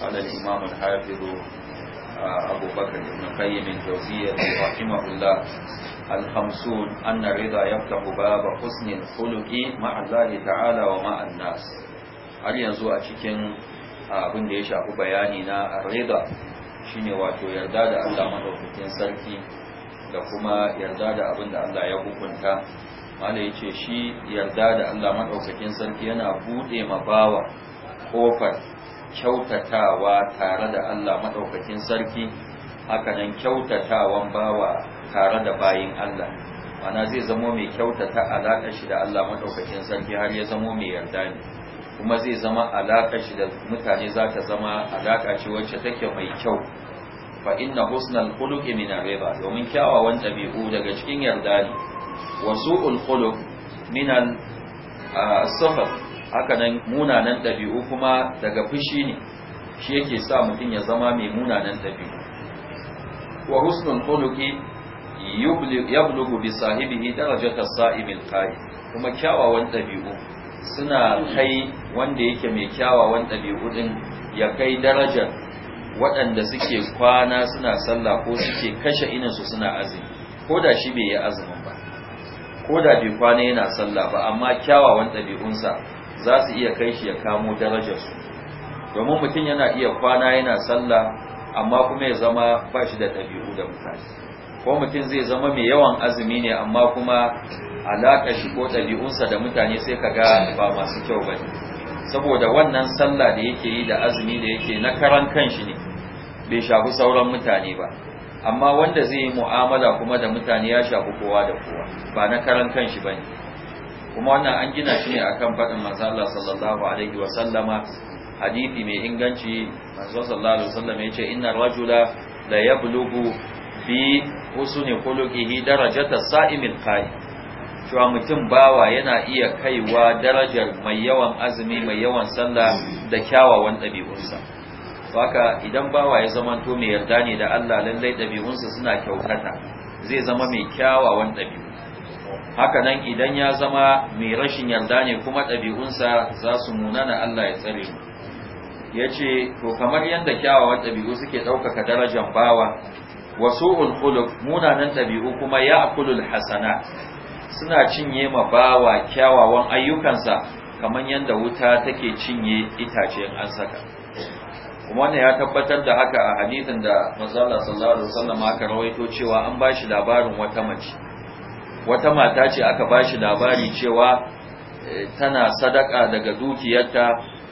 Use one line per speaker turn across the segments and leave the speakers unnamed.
قال الإمام الحافظ أبو بكر بن قيم الجوزية رحمه الله الخمسون أن الرضا يفتح باب حسن الخلق مع الله تعالى ومع الناس har yanzu a cikin abin da ya shafi bayani na rida shine wato yarda da Allah maɗaukakin sarki da kuma yarda da abin da Allah ya hukunta mala yace shi yarda da Allah maɗaukakin sarki yana buɗe ma bawa kofar kyautatawa tare da Allah maɗaukakin sarki hakanan kyautatawan bawa tare da bayin Allah mana zai zamo mai kyautata alaƙar shi da Allah maɗaukakin sarki har ya zamo mai yarda ne kuma zai zama alaƙar shi da mutane za ta zama alaƙa ce wacce take mai kyau fa inna husnal khuluqi min riba domin kyawawan ɗabi'u daga cikin yarda ne wa su'ul khuluq min al ah, haka nan munanan ɗabi'u kuma daga fushi ne shi yake sa mutum ya zama mai munanan ɗabi'u wa husnul khuluqi yablugu bi sahibihi darajata sa'imil qa'i kuma kyawawan ɗabi'u suna kai wanda yake mai kyawawan ɗabi'u din ya kai darajar waɗanda suke kwana suna sallah ko suke kashe su suna azumi ko da shi bai yi azumin ba ko da bai kwana yana sallah ba amma kyawawan ɗabi'unsa za su iya kai shi ya kamo darajarsu domin mutum yana iya kwana yana sallah amma kuma ya zama ba shi da ɗabi'u da mutane ko mutum zai zama mai yawan azumi ne amma kuma alaƙa shi ko ɗabi'unsa da mutane sai ka ga ba masu kyau ba saboda wannan sallah da yake yi da azumi da yake na karan kanshi ne bai shafi sauran mutane ba amma wanda zai yi mu'amala kuma da mutane ya shafi kowa da kowa ba na karan kanshi ba ne kuma wannan an gina shi ne akan faɗin manzo Allah sallallahu alaihi wa sallama hadisi mai inganci manzo sallallahu alaihi wa sallama yace inna rajula la yablugu bi usuni khuluqihi darajata sa'imil qa'im cewa mutum bawa yana iya kaiwa darajar mai yawan azumi mai yawan sallah da kyawawan ɗabi'unsa haka idan bawa ya zamanto mai yarda ne da Allah lallai ɗabi'unsa suna kyaukata, zai zama mai kyawawan ɗabi'u haka nan idan ya zama mai rashin yarda ne kuma ɗabi'unsa za su munana Allah ya tsare mu ya ce to kamar yadda kyawawan ɗabi'u suke ɗaukaka darajar bawa wasu ulkuluk munanan ɗabi'u kuma ya ya'kulul hasana suna cinye ma bawa kyawawan ayyukansa kamar yadda wuta take cinye itacen an saka kuma wannan ya tabbatar da haka a hadithin da manzo Allah sallallahu alaihi wasallam aka rawaito cewa an bashi labarin wata mace wata mata ce aka bashi labari cewa eh, tana sadaka daga dukiyarta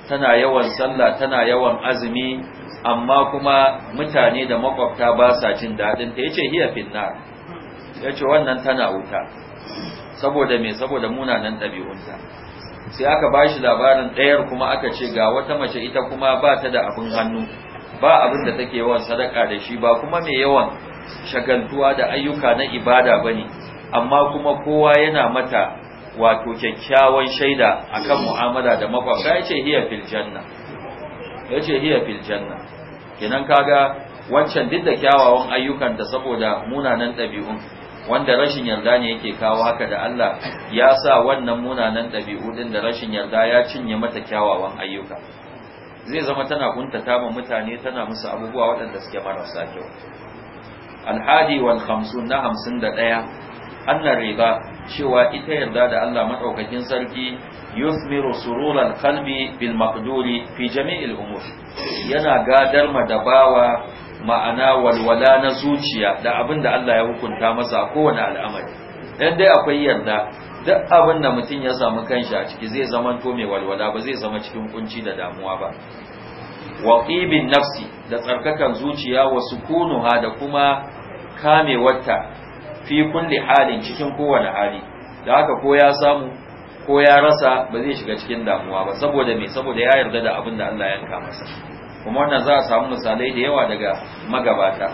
tana yawan sallah tana yawan azumi amma kuma mutane da makwabta ba sa jin daɗin ta yace hiya finna yace wannan tana wuta saboda me saboda munanan ɗabi'unta sai aka bashi labarin ɗayar kuma aka ce ga wata mace ita kuma ba ta da abin hannu ba abin da take yawan sadaka da shi ba kuma mai yawan shagaltuwa da ayyuka na ibada bane amma kuma kowa yana mata wato kyakkyawan shaida akan mu'amala da makwabta yace hiya fil janna yace hiya fil janna kenan kaga wancan duk da kyawawan ayyukan da saboda munanan ɗabi'un wanda rashin yarda ne yake kawo haka da Allah ya sa wannan munanan ɗabi'u din da rashin yarda ya cinye mata kyawawan ayyuka zai zama tana kuntata ma mutane tana musu abubuwa waɗanda suke marasa kyau alhadi wal khamsun na hamsin da ɗaya annan riga cewa ita yarda da Allah madaukakin sarki yusmiru surural qalbi bil maqduri fi jami'il umur yana gadar ma bawa ma'ana walwala na zuciya da abin da Allah ya hukunta masa a kowane al'amari dan dai akwai yarda duk abin da mutum ya samu kanshi a ciki zai zama to mai walwala ba zai zama cikin kunci da damuwa ba wa nafsi da tsarkakan zuciya wa sukunuha da kuma kamewarta fi kulli halin cikin kowane hali da haka ko ya samu ko ya rasa ba zai shiga cikin damuwa ba saboda me saboda ya yarda da abin da Allah ya yanka masa kuma wannan za a samu misalai da yawa daga magabata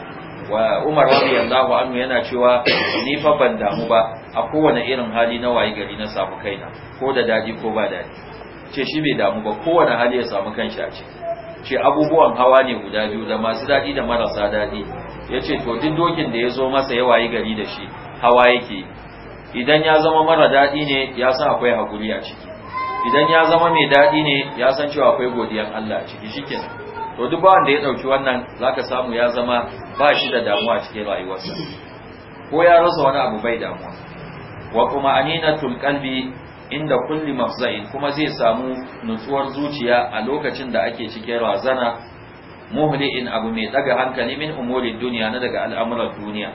wa Umar radiyallahu anhu yana cewa ni fa ban damu ba a kowane irin hali na wayi gari na samu kaina ko da daji ko ba daji ce shi bai damu ba kowane hali ya samu kanshi a ce abubuwan hawa ne guda biyu da masu dadi da marasa dadi ya ce to duk dokin da ya zo masa ya wayi gari da shi hawa yake idan ya zama mara daɗi ne ya san akwai haƙuri a ciki idan ya zama mai daɗi ne ya san cewa akwai godiyar Allah a ciki shikenan to duk wanda ya ɗauki wannan za ka samu ya zama ba shi da damuwa cikin rayuwarsa ko ya rasa wani abu bai damuwa wa kuma aninatul qalbi inda kulli mafza'in kuma zai samu nutsuwar zuciya a lokacin da ake cikin razana muhli'in abu mai daga hankali min umurin duniya na daga al'amuran duniya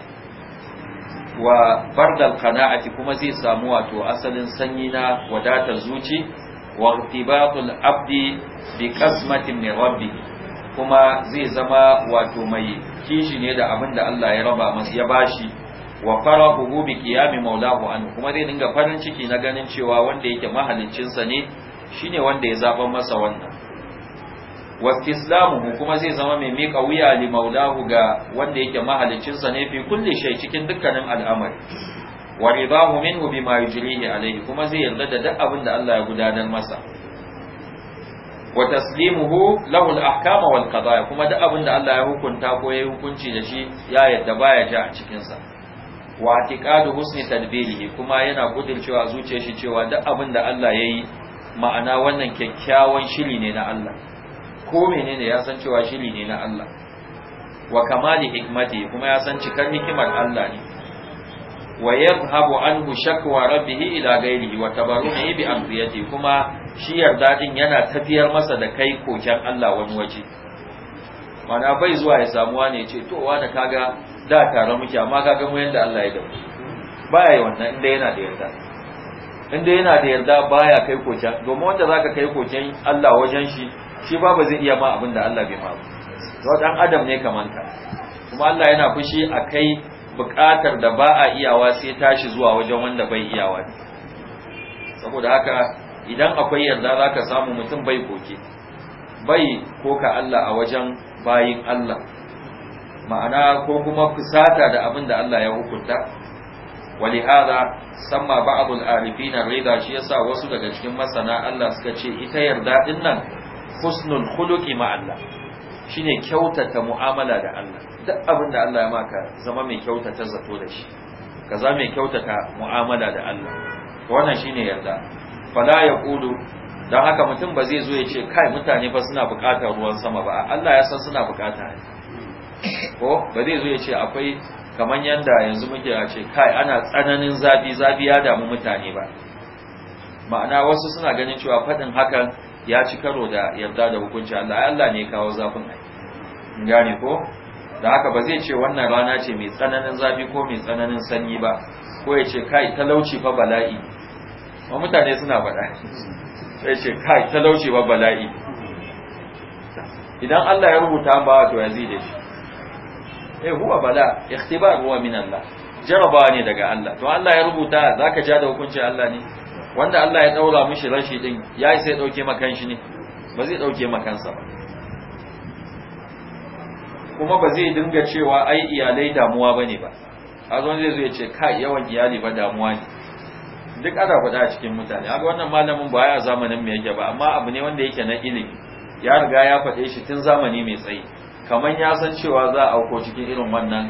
wa bardal qana'ati kuma zai samu wato asalin sanyi na wadatar zuci wa irtibatul abdi bi qasmatin min rabbi kuma zai zama wato mai kishi ne da abin da Allah ya raba masa ya bashi wa farahu bi qiyami maulahu anhu kuma zai dinga farin ciki na ganin cewa wanda yake ne shi ne shine wanda ya zaba masa wannan wastislamuhu kuma zai zama mai miƙa wuya li maulahu ga wanda yake mahalicinsa ne fi kulli shay cikin dukkanin al'amari wa ridahu minhu bima yujrihi alayhi kuma zai yarda da duk abin da Allah ya gudanar masa wa taslimuhu lahu al-ahkam wal qadaya kuma duk abin da Allah ya hukunta ko ya hukunci da shi ya yarda baya ji a cikin sa wa atiqadu husni tadbirihi kuma yana gudurcewa zuciyar shi cewa duk abin da Allah yayi ma'ana wannan kyakkyawan shiri ne na Allah ko menene ya san cewa shiri ne na Allah wa kamali hikmati kuma ya san cikar hikimar Allah ne wa yadhhabu anhu shakwa rabbih ila ghayrihi wa tabarruhi bi amriyati kuma shi yarda din yana tafiyar masa da kai koken Allah wani waje mana bai zuwa ya samu wani ce to wani kaga da tare muke amma kaga mu yanda Allah ya damu baya yi wannan inda yana da yarda inda yana da yarda baya kai koken domin wanda zaka kai kokan Allah wajen shi shi ba ba zai iya ma abin da Allah bai ma ba dan adam ne kaman ka kuma Allah yana fushi a kai bukatar da ba a iyawa sai tashi zuwa wajen wanda bai iyawa saboda haka idan akwai yarda zaka samu mutum bai koke bai koka Allah a wajen bayin Allah ma'ana ko kuma fusata da abin da Allah ya hukunta wali hada ba ba'd al-arifin rida shi yasa wasu daga cikin masana Allah suka ce ita yarda din nan husnul khuluqi ma Allah shine kyautata mu'amala da Allah duk abin da Allah ya maka zama mai kyautata zato da shi kaza mai kyautata mu'amala da Allah to wannan shine yarda fala yaqulu dan haka mutum ba zai zo ya ce kai mutane ba suna buƙatar ruwan sama ba Allah ya san suna buƙata ko ba zai zo ya ce akwai kamar yanda yanzu muke a ce kai ana tsananin zafi zafi ya damu mutane ba ma'ana wasu suna ganin cewa faɗin hakan ya ci karo da yarda da hukunci Allah Allah ne kawo zafin ai gane ko da haka ba zai ce wannan rana ce mai tsananin zafi ko mai tsananin sanyi ba ko ya ce kai talauci fa bala'i ma mutane suna faɗa sai ce kai talauci fa bala'i idan Allah ya rubuta ba to ya zide shi eh huwa bala ikhtibar huwa min Allah jarabawa ne daga Allah to Allah ya rubuta zaka ja da hukuncin Allah ne wanda Allah ya daura mishi rashi din yayi sai dauke makan shi ne ba zai dauke makansa ba kuma ba zai dinga cewa ai iyalai damuwa bane ba azon zai zo ya ce kai yawan iyali ba damuwa ne duk ana faɗa a cikin mutane haka wannan malamin ba ya zamanin mu yake ba amma abu ne wanda yake na ilimi ya riga ya faɗe shi tun zamani mai tsayi kamar ya san cewa za a auko cikin irin wannan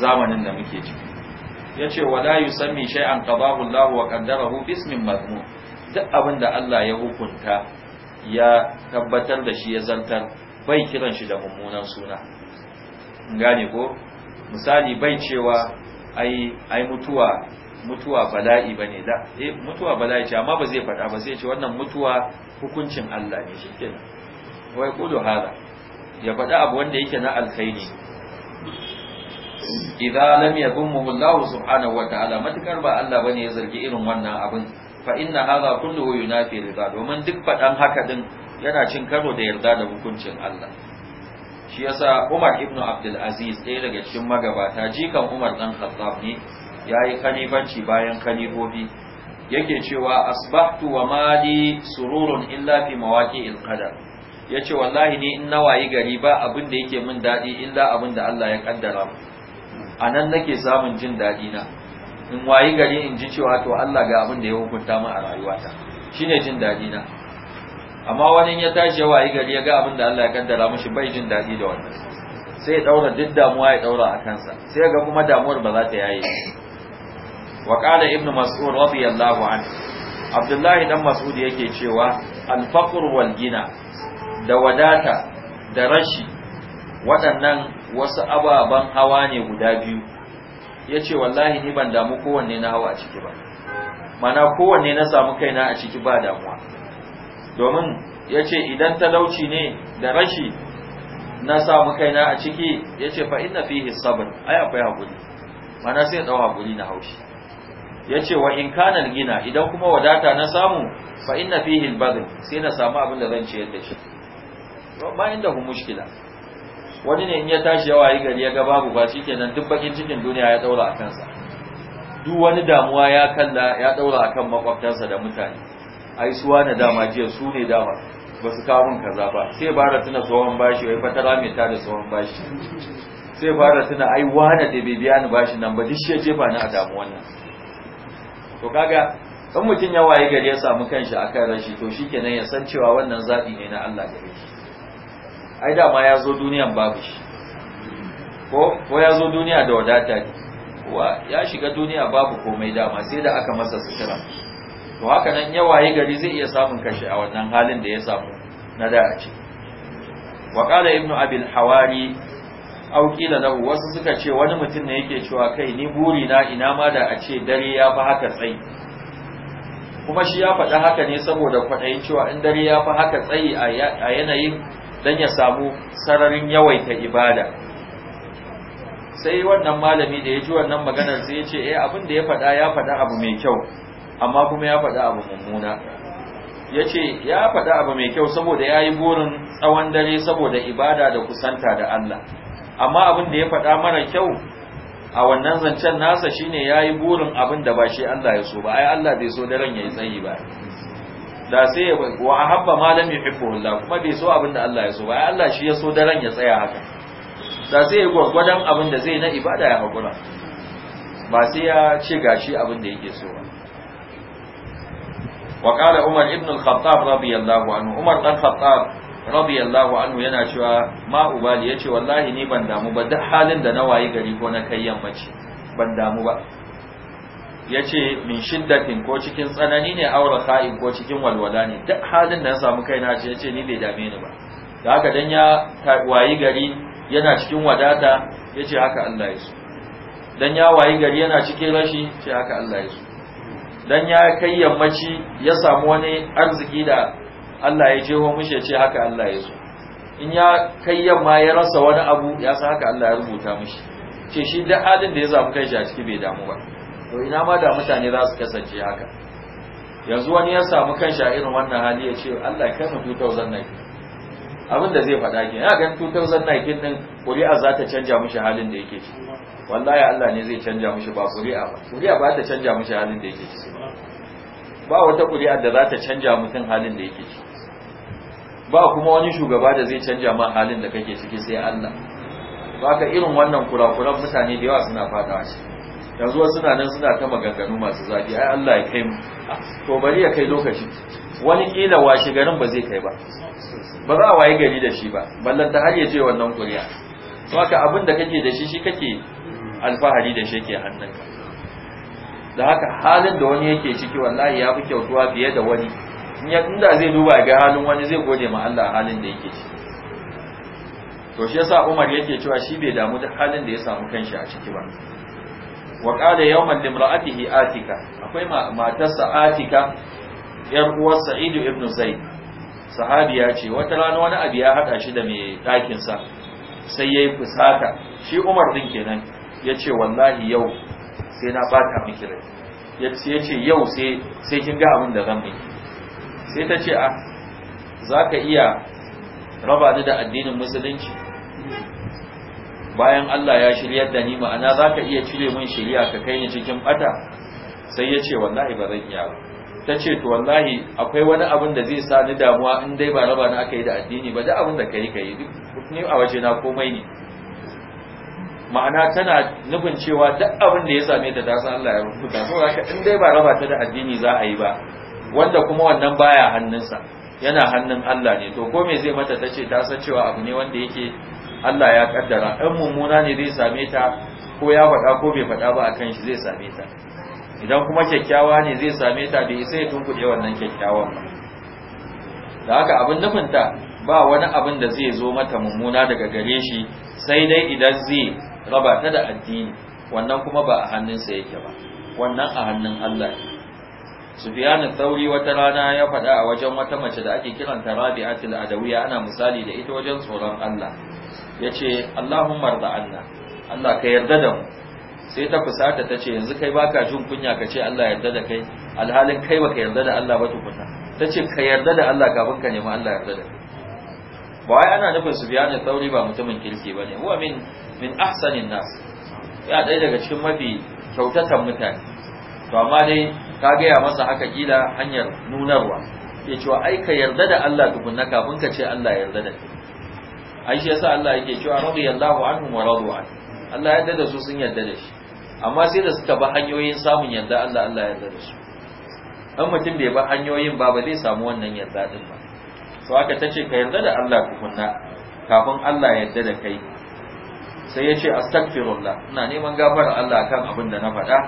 zamanin da muke ciki yace wala yusammi shay'an qadahu Allah wa qaddarahu ismin madmum duk abin da Allah ya hukunta ya tabbatar da shi ya zantar bai kiran shi da mummunan suna gane ko misali bai cewa ai ai mutuwa mutuwa bala'i bane da eh mutuwa bala'i ce amma ba zai faɗa ba zai ce wannan mutuwa hukuncin Allah ne kenan wai kudu hada ya faɗa abu wanda yake na alkhairi idza lam mu Allah subhanahu wa ta'ala matukar ba Allah bane ya zargi irin wannan abin fa inna hadha kulluhu yunafi rida domin duk fadan haka din yana cin karo da yarda da hukuncin Allah shi yasa Umar ibn Abdul Aziz ɗaya daga cikin magabata jikan Umar dan Khattab ne yayi kanibanci bayan kanibobi yake cewa asbahtu wa mali sururun illa fi mawaqi'il qadar yace wallahi ne in nawayi gari ba abin da yake min dadi illa abin da Allah ya kaddara a nan nake samun jin daɗi na in wayi gari in ji cewa to Allah ga abin da ya hukunta min a rayuwata shine jin daɗi na amma wani ya tashi ya wayi gari ya ga abin da Allah ya kaddara mishi bai jin daɗi da wannan sai ya daura duk damuwa ya daura a kansa sai ya ga kuma damuwar ba za ta yaye wa qala ibnu mas'ud radiyallahu anhu abdullahi dan mas'ud yake cewa al-faqr wal gina da wadata da rashi waɗannan wasu ababen hawa ne guda biyu ya ce wallahi ni ban damu kowanne na hawa a ciki ba mana kowanne na samu kaina a ciki ba damuwa domin ya ce idan talauci ne da rashi na samu kaina a ciki ya ce fa inna fihi sabr ai akwai hakuri mana sai dau hakuri na haushi ya ce wa in kana gina idan kuma wadata na samu fa inna fihi al sai na samu abin da zan ciyar da shi ba inda ku mushkila wani ne in ya tashi yawa yi gari ya ga babu ba shi kenan duk bakin cikin duniya ya daura a kansa duk wani damuwa ya kalla ya daura a kan makwabtansa da mutane ai suwa na dama jiya su ne dama ba su kawo min kaza ba sai bara tuna tsohon bashi wai fatara mai ta da tsohon bashi sai bara tuna ai wane da bai biya ni bashi nan ba duk shi ya jefa ni a damuwan nan to kaga in mutum ya waye gari ya samu kanshi akan rashi to shikenan ya san cewa wannan zabi ne na Allah gare shi ai dama ya zo duniyan babu shi ko ya zo duniya da wadata kuwa ya shiga duniya babu komai dama sai da aka masa sutura to haka nan yawaye gari zai iya samun kashe a wannan halin da ya samu na da a ce wa qala ibnu abil hawari au kila lahu wasu suka ce wani mutum ne yake cewa kai ni buri na ina ma da a ce dare ya fi haka tsayi kuma shi ya faɗi haka ne saboda kwaɗayin cewa in dare ya fi haka tsayi a yanayin dan ya samu sararin yawaita ibada sai wannan malami da ya ji wannan maganar sai ya ce eh abin da ya faɗa ya faɗa abu mai kyau amma kuma ya faɗa abu mummuna ya ce ya faɗa abu mai kyau saboda ya yi burin tsawon dare saboda ibada da kusanta da Allah amma abin da ya faɗa mara kyau a wannan zancen nasa shine ya yi burin abin da ba shi Allah ya so ba ai Allah bai so daren ya yi tsayi ba da sai ya wa ahabba ma lam yuhibbu Allah kuma bai so abinda Allah ya so ba Allah shi ya so daren ya tsaya haka da sai ya gwagwadan abin zai na ibada ya hakura ba sai ya ce gashi abin yake so ba wa qala Umar ibn al-Khattab radiyallahu anhu Umar dan Khattab radiyallahu anhu yana cewa ma ubali yace wallahi ni ban damu ba duk halin da na wayi gari ko na kai yammaci ban damu ba ya ce min shiddatin ko cikin tsanani ne aure sa'in ko cikin walwala ne duk halin da ya samu kaina ce ya ce ni bai dame ni ba da haka dan ya wayi gari yana cikin wadata ya ce haka Allah ya so dan ya wayi gari yana cikin rashi ce haka Allah ya so dan ya kai yammaci ya samu wani arziki da Allah ya jeho mishi ya ce haka Allah ya so in ya kai yamma ya rasa wani abu ya san haka Allah ya rubuta mishi ce shi duk halin da ya samu kai shi a ciki bai damu ba to ina ma da mutane za su kasance haka yanzu wani ya samu kan a irin wannan hali ya ce Allah kai mu 2019 abin da zai faɗa ke ya gan 2019 din ƙuri'a za ta canja mishi halin da yake ci. wallahi Allah ne zai canja mishi ba ƙuri'a ba ƙuri'a ba ta canja mishi halin da yake ci. ba wata ƙuri'a da za ta canja mutum halin da yake ci. ba kuma wani shugaba da zai canja ma halin da kake ciki sai Allah ba ka irin wannan kurakuran mutane da yawa suna fadawa shi. yanzu wasu na nan suna ta maganganu masu zafi ai Allah ya kai mu to bari ya kai lokaci wani kila washe garin ba zai kai ba ba za a waye gari da shi ba ballan ta har ya je wannan kuriya to haka abin da kake da shi shi kake alfahari da shi ke ka da haka halin da wani yake ciki wallahi ya fi kyautuwa fiye da wani In ya tunda zai duba ga halin wani zai gode ma Allah halin da yake ciki to shi yasa Umar yake cewa shi bai damu da halin da ya samu kanshi a ciki ba wa qala yawman limra'atihi atika akwai matarsa atika yar uwar Sa'idu ibn zaid sahabiya ce wata rana wani abu ya hada shi da mai ɗakin sa sai yayi fusata shi Umar din kenan yace wallahi yau sai na bata miki rai yace yau sai sai kin ga abin da zan miki sai ta ce a ah, zaka iya raba ni da addinin musulunci bayan Allah ya shiryar da ni ma'ana ka iya cire min shiriya ka kai ni cikin bata sai ya ce wallahi ba zan iya ba ta ce to wallahi akwai wani abin da zai sa ni damuwa in dai ba raba na aka yi da addini ba da abin da kai kai ni a waje na komai ne ma'ana tana nufin cewa duk abin da ya same ta ta san Allah ya rubuta saboda haka in dai ba raba ta da addini za a yi ba wanda kuma wannan baya hannunsa yana hannun Allah ne to ko me zai mata tace ta san cewa abu ne wanda yake Allah ya kaddara ɗan mummuna ne zai same ta ko ya faɗa ko bai faɗa ba a kan shi zai same ta idan kuma kyakkyawa ne zai same ta bai isa ya tunkuɗe wannan kyakkyawan ba da haka abin nufinta ba wani abin da zai zo mata mummuna daga gare shi sai dai idan zai raba ta da addini wannan kuma ba a hannunsa yake ba wannan a hannun Allah Sufiyanu Thauri wata rana ya faɗa a wajen wata mace da ake kiranta Rabi'atul Adawiya ana misali da ita wajen tsoron Allah ya ce Allahummar arda'anna Allah ka yarda da mu sai ta fusata ta ce yanzu kai baka jin kunya ka ce Allah yarda da kai alhalin kai baka yarda da Allah ba tukuna. ta ce ka yarda da Allah kafin ka nemi Allah yarda da kai ba wai ana nufin su biya ne tsauri ba mutumin kirki ba ne huwa min min ahsanin nas ya ɗaya daga cikin mafi kyautatan mutane to amma dai ka gaya masa haka kila hanyar nunarwa ya ce wa ai ka yarda da Allah tukuna kafin ka ce Allah yarda da kai ai shi yasa Allah yake cewa radiyallahu anhum wa radu an Allah ya yarda da su sun yarda da shi amma sai da suka ba hanyoyin samun yarda Allah Allah ya yarda da su dan mutum bai ba hanyoyin ba ba zai samu wannan yarda din ba to haka tace ka yarda da Allah tukunna kafin Allah ya yarda da kai sai ya ce astaghfirullah ina neman gafara Allah akan abin da na faɗa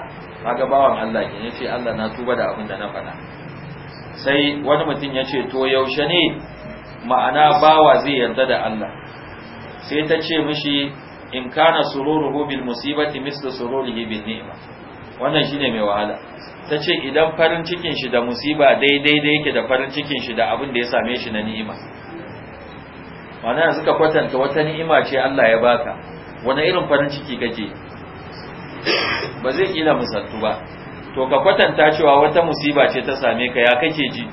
kaga bawan Allah ke ya ce Allah na tuba da abin da na faɗa sai wani mutum ya ce to yaushe ne ma'ana bawa zai yarda da Allah sai ta ce mishi in kana sururuhu bil musibati mislu sururihi bin ni'ma wannan shine mai wahala ta ce idan farin cikin shi da musiba daidai da yake da farin cikin shi da abin da ya same shi na ni'ima yanzu suka kwatanta wata ni'ima ce Allah ya baka wani irin farin ciki kake ba zai kila musattu ba to ka kwatanta cewa wata musiba ce ta same ka ya kake ji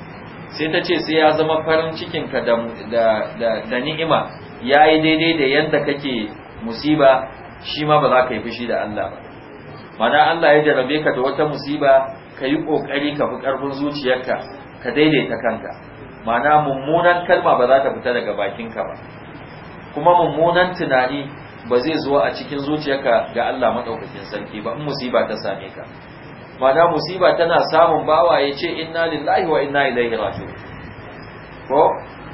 sai ta ce sai ya zama farin cikin ka da da da ni'ima ya yi daidai da yadda kake musiba shi ma ba za ka yi fushi da Allah ba mana Allah ya jarabe ka da wata musiba ka yi ƙoƙari ka fi ƙarfin zuciyarka ka daidaita kanka mana mummunan kalma ba za ta fita daga bakinka ba kuma mummunan tunani ba zai zuwa a cikin zuciyarka ga Allah maɗaukakin sarki ba in musiba ta same ka mana musiba tana samun bawa ya ce inna lillahi wa inna ilaihi raji'un ko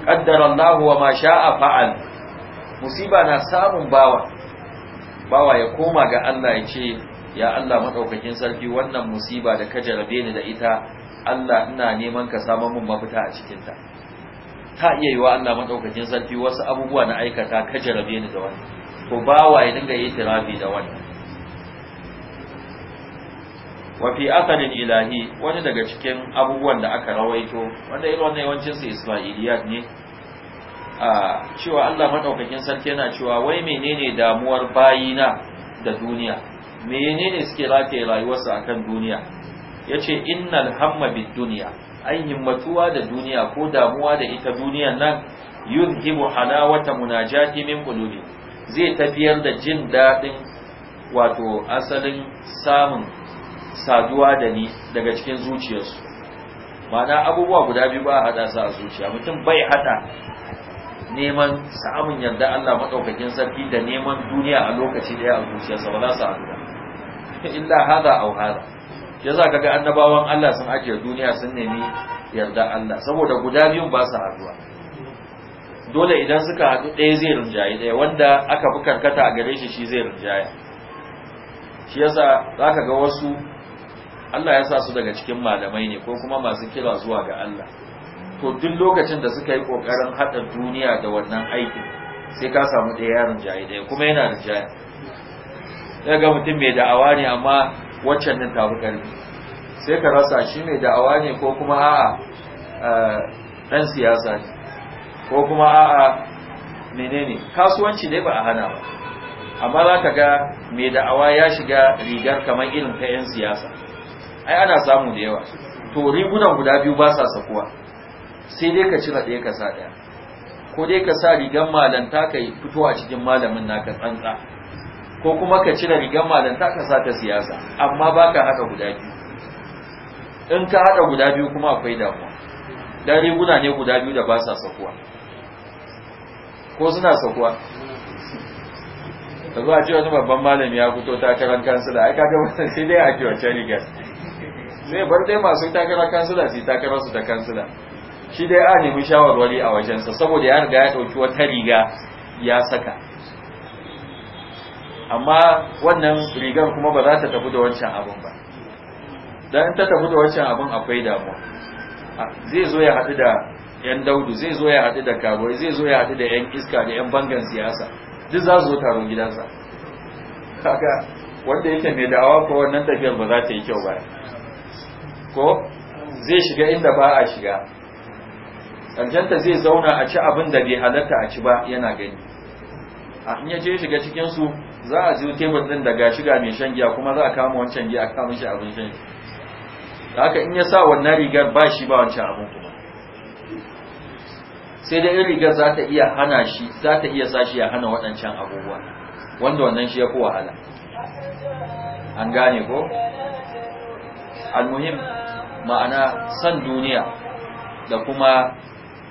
qaddara Allahu wa ma sha'a fa'al musiba na samun bawa bawa ya koma ga Allah ya ce ya Allah madaukakin sarki wannan musiba da ka jarabe ni da ita Allah ina neman ka samu mun mafita a cikin ta ta iya yiwa Allah madaukakin sarki wasu abubuwa na aikata ka jarabe ni da wani to bawa ya dinga yi tirabi da wani wa fi asalin ilahi wani daga cikin abubuwan da aka rawaito wanda irin wannan yawancin su Isma'iliyat ne cewa Allah maɗaukakin sarki yana cewa wai menene damuwar bayina da duniya menene suke rataye rayuwarsu akan duniya yace innal hamma bid dunya ai himmatuwa da duniya ko damuwa da ita duniyan nan yuzhibu halawata munajati min qulubi zai tafiyar da jin daɗin wato asalin samun saduwa da ni daga cikin zuciyarsu ma'ana abubuwa guda biyu ba a haɗa su a zuciya mutum bai haɗa. neman samun yarda Allah maɗaukakin sarki da neman duniya a lokaci da a zuciyarsa ba za su haɗu ba illa hada au hada ka kaga annabawan Allah sun ajiye duniya sun nemi yarda Allah saboda guda biyun ba su haɗuwa dole idan suka haɗu ɗaya zai rinjaye ɗaya wanda aka fi karkata a gare shi shi zai rinjaye shi yasa zaka ga wasu Allah ya sa su daga cikin malamai ne ko kuma masu kira zuwa ga Allah to duk lokacin da suka yi ƙoƙarin haɗa duniya da wannan aikin sai ka samu ɗaya yaron jayi da kuma yana da jayi sai ga mutum mai da'awa ne amma waccan nan ta ƙarfi sai ka rasa shi mai da'awa ne ko kuma a'a eh, ɗan siyasa ne ko kuma a'a menene kasuwanci dai ba a hana ba amma za ka ga mai da'awa ya shiga rigar kamar irin ka 'yan siyasa ai ana samu da yawa to rigunan guda biyu ba sa sakuwa sai dai ka cire ɗaya ka sa ɗaya ko dai ka sa rigar malanta ka fito a cikin malamin naka tsantsa ko kuma ka cire rigar malanta ka sa ta siyasa amma ba ka haɗa guda biyu in ka haɗa guda biyu kuma akwai damuwa dan riguna ne guda biyu da ba sa sakuwa ko suna sakuwa ta zuwa ce wani babban malami ya fito takarar kansila ai kaga wannan sai dai a kiwace rigar Sai bar dai masu takarar kansila su takarar su ta kansila shi dai a nemi shawarwari a wajensa saboda ya riga ya ɗauki wata riga ya saka amma wannan rigar kuma ba za ta tafi da wancan abin ba don in ta tafi da wancan abin akwai damuwa zai zo ya haɗu da 'yan daudu zai zo ya haɗu da kaboi zai zo ya haɗu da 'yan iska da 'yan bangan siyasa duk za su zo taron gidansa kaga wanda yake mai da'awa ko wannan tafiyar ba za ta yi kyau ba ko zai shiga inda ba a shiga Aljanta zai zauna a ci abin da bai halatta a ci ba yana gani a hanyar ce je shiga cikinsu za a ji tebur ɗin daga shiga mai shan giya kuma za a kama wancan giya a kama shi abin shan da haka in ya sa wannan rigar ba shi ba wancan abin kuma sai dai in rigar za ta iya hana shi za ta iya sa shi ya hana waɗancan abubuwa wanda wannan shi ya fi wahala an gane ko almuhim ma'ana san duniya da kuma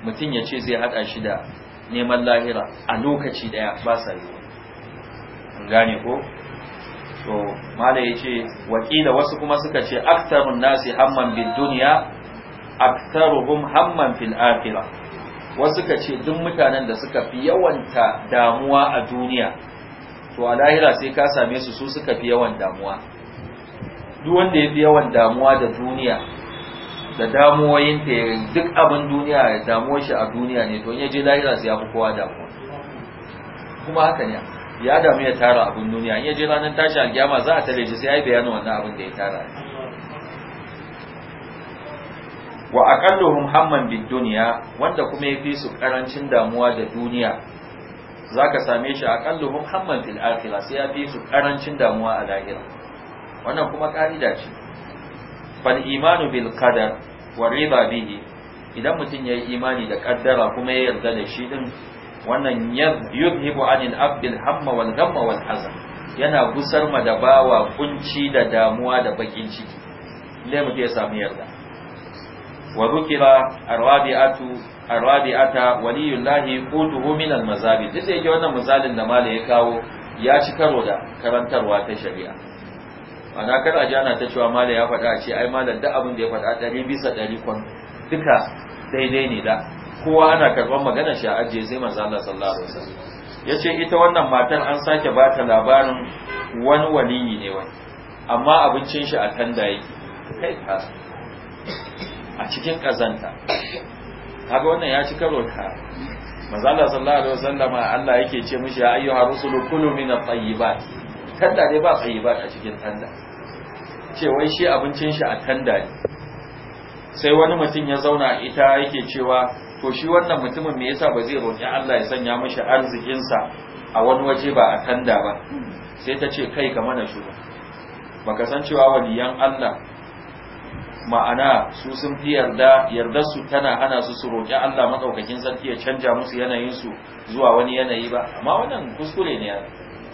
mutum ya ce zai haɗa shi da neman lahira a lokaci ɗaya ba sa yi gane ko to mala ya ce wakila wasu kuma suka ce aktarun nasi hamman bin duniya aktaruhum hamman fil akhirah wasu suka ce duk mutanen da suka fi yawanta damuwa a duniya to a lahira sai ka same su su suka fi yawan damuwa duk wanda ya fi yawan damuwa da duniya da damuwoyinta duk abin duniya ya damuwa shi a duniya ne to in yaje je lahira sai ya fi kowa damuwa kuma haka ne ya damu ya tara abin duniya in ya je ranar tashi alkiyama za a tare shi sai ya yi bayanin wannan abin da ya tara wa aqalluhum hamman bid dunya wanda kuma yafi su karancin damuwa da duniya zaka same shi aqalluhum hamman fil akhirah sai yafi su karancin damuwa a lahira wannan kuma ka'ida ce fal imanu bil qadar wa rida bihi idan mutum yayi imani da kaddara kuma ya yarda da shi din wannan yuzhibu anil abdil hamma wal ghamma wal hazan yana gusar ma da bawa kunci da damuwa da bakin ciki lai mutum ya samu yarda wa dhukira arwabi'atu arwabi'ata waliyullahi quduhu min al mazabi duk da wannan misalin da mala ya kawo ya ci karo da karantarwa ta shari'a ana kar a jana ta cewa malam ya faɗa a ce ai malam duk abin da ya faɗa ɗari bisa ɗari kwan duka daidai ne da kowa ana karɓar magana shi a ajiye sai manzo Allah sallallahu alaihi wasallam ce ita wannan matar an sake ba ta labarin wani waliyi ne wani amma abincin shi a tanda yake kai ka a cikin ƙazanta kaga wannan ya ci karo ka manzo Allah sallallahu alaihi wasallama Allah yake ce mishi ya ayyuha rusulu kulu min at-tayyibat tanda dai ba tsaye ba a cikin tanda ce wai shi abincin shi a tanda ne sai wani mutum ya zauna ita yake cewa to shi wannan mutumin me yasa ba zai roƙi Allah ya sanya mishi arzikinsa a wani waje ba a tanda ba sai ta ce kai ka mana shuru baka san cewa waliyan Allah ma'ana su sun fi yarda yardar su tana hana su su roƙi Allah madaukakin sarki ya canja musu yanayin su zuwa wani yanayi ba amma wannan kuskure ne ya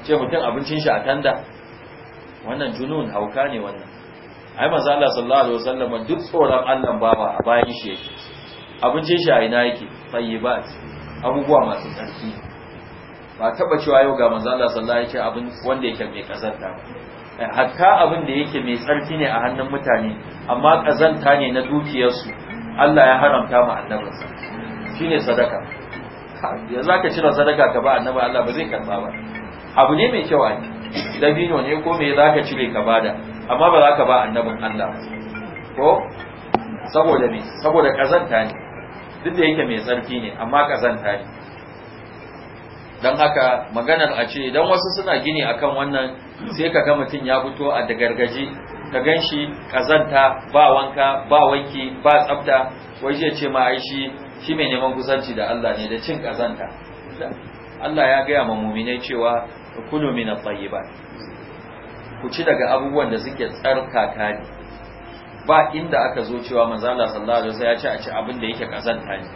ce mutum abincin shi a tanda wannan junun hauka ne wannan ai manzo Allah sallallahu alaihi wasallam duk tsoron Allah baba a bayan shi yake abincin shi a ina yake tayyibat abubuwa masu tsarki ba taba cewa yau ga manzo Allah sallallahu alaihi wasallam abin wanda yake mai kazanta eh, hatta abin da yake mai tsarki ne a hannun mutane amma kazanta ne na dukiyarsu Allah ya haramta mu Shi shine sadaka yanzu ka cire sadaka ka ba annabi Allah ba zai karba ba abu ne mai kyau ai dabino ne ko me ka cire ka bada amma ba za ka ba annabin Allah ko saboda me saboda kazanta ne duk da yake mai tsarki ne amma kazanta ne
don haka maganar a ce idan wasu suna gini akan wannan
sai ka ga mutum ya fito a da gargaji ka gan shi kazanta ba wanka ba wanki ba tsafta wai zai ce ma ai shi shi mai neman kusanci da Allah ne da cin kazanta Allah ya gaya ma muminai cewa kulu min at-tayyibat ku ci daga abubuwan da suke tsarkaka ne ba inda aka zo cewa manzo Allah sallallahu alaihi wasallam ya ce a ci abin da yake kazanta ne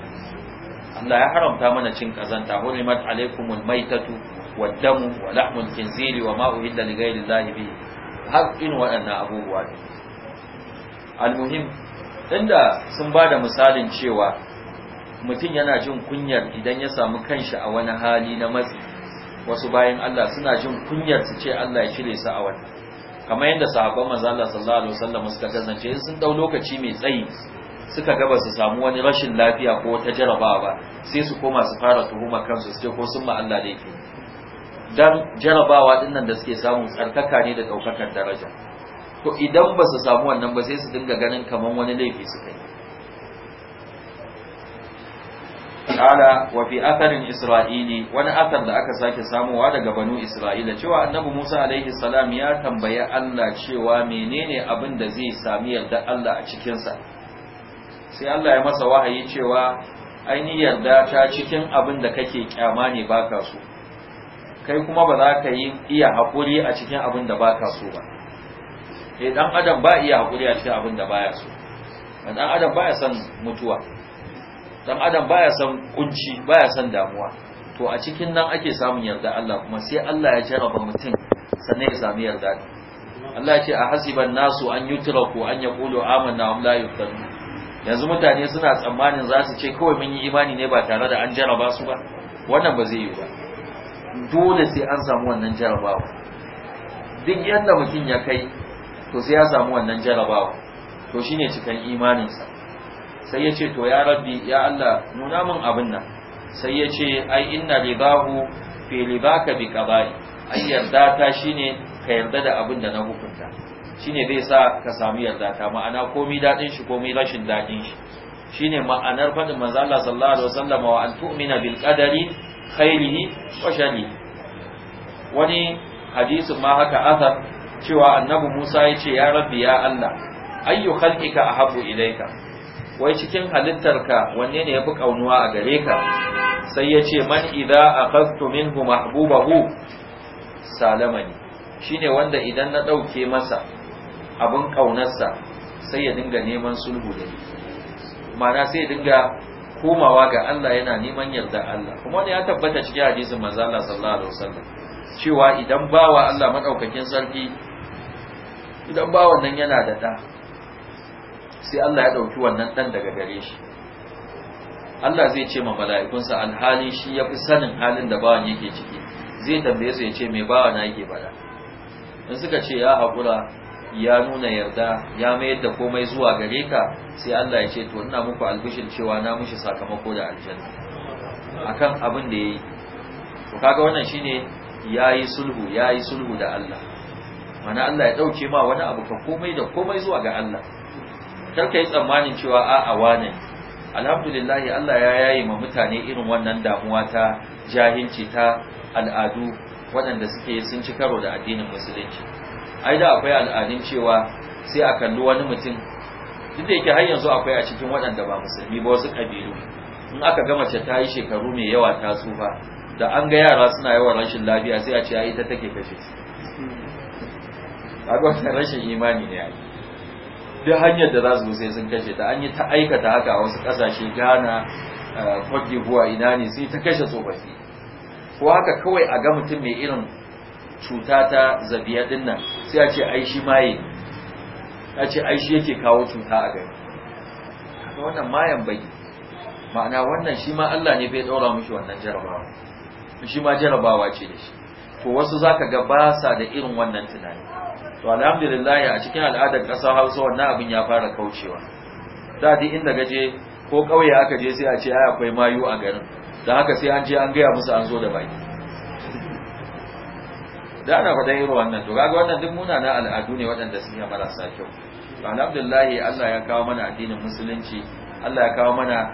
Allah ya haramta mana cin kazanta hurimat alaikumul maitatu wad-damu wa lahmul khinzir wa ma uhilla li ghayri Allah bihi har in waɗannan abubuwa ne almuhim inda sun ba da misalin cewa mutum yana jin kunyar idan ya samu kanshi a wani hali na matsi wasu bayan Allah suna jin kunyar su ce Allah ya cire su a wata kamar yadda sahabban manzo Allah sallallahu alaihi wasallam suka kasance sun dau lokaci mai tsayi suka ga ba su samu wani rashin lafiya ko wata jarabawa ba sai su koma su fara tuhuma kansu su ko sun ma Allah da yake dan jarabawa dinnan da suke samu tsarkaka ne da daukakar daraja to idan ba su samu wannan ba sai su dinga ganin kamar wani laifi suka yi kala wa fi atharin isra'ili wani athar da aka sake samuwa daga banu isra'ila cewa annabi Musa alaihi salam ya tambayi Allah cewa menene abin da zai sami yarda Allah a cikin sa sai Allah ya masa wahayi cewa ainihin yarda ta cikin abin da kake kyama ne baka so kai kuma ba za ka yi iya haƙuri a cikin abin da baka so ba eh dan adam ba iya haƙuri a cikin abin da baya so dan adam baya son mutuwa dan adam baya san kunci baya san damuwa to a cikin nan ake samun yarda Allah kuma sai Allah ya jarraba mutum sannan ya sami yarda Allah ya ce a hasiban nasu an yutraku an yaqulu amanna wa la yuftanu
yanzu mutane suna tsammanin za su ce kawai
mun yi imani ne ba tare da an jarraba su ba wannan ba zai yi ba dole sai an samu wannan jarrabawa duk yanda mutum ya kai to sai ya samu wannan jarrabawa to shine cikan imaninsa sai ya ce to ya rabbi ya Allah nuna min abin nan sai ya ce ai inna libahu fi ridaka bi qaba'i ai yarda ta shine ka yarda da abin da na hukunta shine zai sa ka samu yarda ta ma'ana komai dadin shi komai rashin dadin shi shine ma'anar fadin manzo Allah sallallahu alaihi wasallam wa an tu'mina bil qadari khairihi wa wani hadisin ma haka athar cewa annabi Musa ya ce ya rabbi ya Allah ayyu khalqika ahabbu ilayka wai cikin halittarka wanne ne yafi ƙaunuwa a gare ka sai ya ce man idza akhadtu minhu mahbubahu salamani shine wanda idan na ɗauke masa abin kaunarsa sai ya dinga neman sulhu da ni ma'ana sai ya dinga komawa ga Allah yana neman yarda Allah kuma wani ya tabbata cikin hadisin manzo Allah sallallahu alaihi wasallam cewa idan bawa Allah madaukakin sarki idan bawan nan yana da da sai Allah ya ɗauki wannan ɗan daga gare shi Allah zai ce ma mala'ikunsa alhali shi ya fi sanin halin da bawan yake ciki zai tambaye su ya ce mai bawa na yake bada in suka ce ya haƙura ya nuna yarda ya mayar da komai zuwa gare ka sai Allah ya ce to ina muku albishin cewa na mushi sakamako da aljanna akan abin da yayi to kaga wannan shine yayi sulhu yayi sulhu da Allah mana Allah ya dauke ma wani abu ka komai da komai zuwa ga Allah karka yi tsammanin cewa a'a wane alhamdulillahi Allah ya yayi ma mutane irin wannan damuwa ta jahilci ta al'adu waɗanda suke sun ci karo da addinin musulunci ai da akwai al'adun cewa sai a kalli wani mutum duk da yake har yanzu akwai a cikin waɗanda ba musulmi ba wasu ƙabilu in aka ga mace ta yi shekaru mai yawa ta tsufa da an ga yara suna yawan rashin lafiya sai a ce ai ita take kashe su a rashin imani ne ai duk hanyar da za su sai sun kashe ta an yi ta aikata haka a wasu kasashe ghana cote eh, d'ivoire ina ne sai ta kashe tsofaffi ko haka kawai a ga mutum mai irin cuta ta zabiya din nan sai a ce ai shi maye a ce ai shi yake kawo cuta a gari haka wannan mayan bai ma'ana wannan shi ma Allah ne bai daura mishi wannan jarabawa shi ma jarabawa ce da shi to wasu zaka ga ba sa da irin wannan tunani to alhamdulillah a cikin al'adar ƙasar hausa wannan abin ya fara kaucewa da duk inda gaje ko ƙauye aka je sai a ce ai akwai mayu a garin don haka sai an je an gaya musu an zo da baki da ana faɗa irin wannan to kaga wannan duk muna na al'adu ne waɗanda yi marasa kyau to alhamdulillah Allah ya kawo mana addinin musulunci Allah ya kawo mana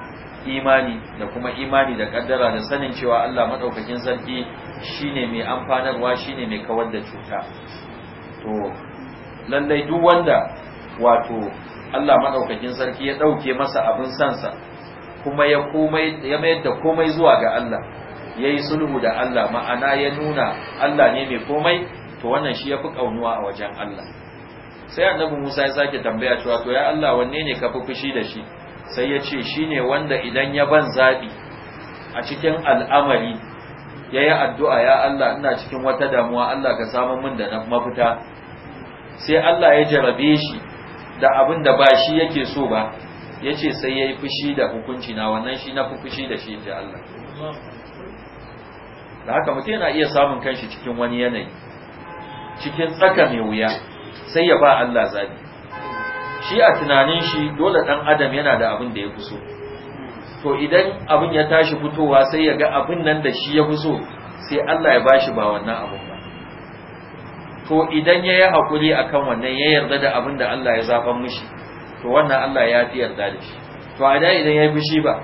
imani da kuma imani da kaddara da sanin cewa Allah madaukakin sarki shine mai amfanarwa shine mai kawar da cuta to lallai duk wanda wato Allah madaukakin sarki ya dauke masa abin sansa kuma ya komai ya mayar da komai zuwa ga Allah yayi sulhu da Allah ma'ana ya nuna Allah ne mai komai to wannan shi yafi kaunuwa a wajen Allah sai annabi Musa ya sake tambaya cewa to ya Allah wanne ne ka fi fushi da shi sai ya ce shine wanda idan ya ban zabi a cikin al'amari ya yi addu'a ya Allah ina cikin wata damuwa Allah ka samun min da na mafita sai Allah ya jarabe shi da abin da ba shi yake so ba ya ce sai ya yi fushi da hukunci na wannan shi na fushi da shi ji Allah da haka mutum yana iya samun kanshi cikin wani yanayi cikin tsaka mai wuya sai ya ba Allah zabi shi a tunanin shi dole ɗan adam yana da abin da ya fi so to idan abin ya tashi fitowa sai ya ga abin nan da shi ya fi so sai Allah ya bashi ba wannan abin ba to idan ya yi haƙuri a kan wannan ya yarda da abin da Allah ya zafan mishi to wannan Allah ya fi yarda da shi to a da idan ya yi fushi ba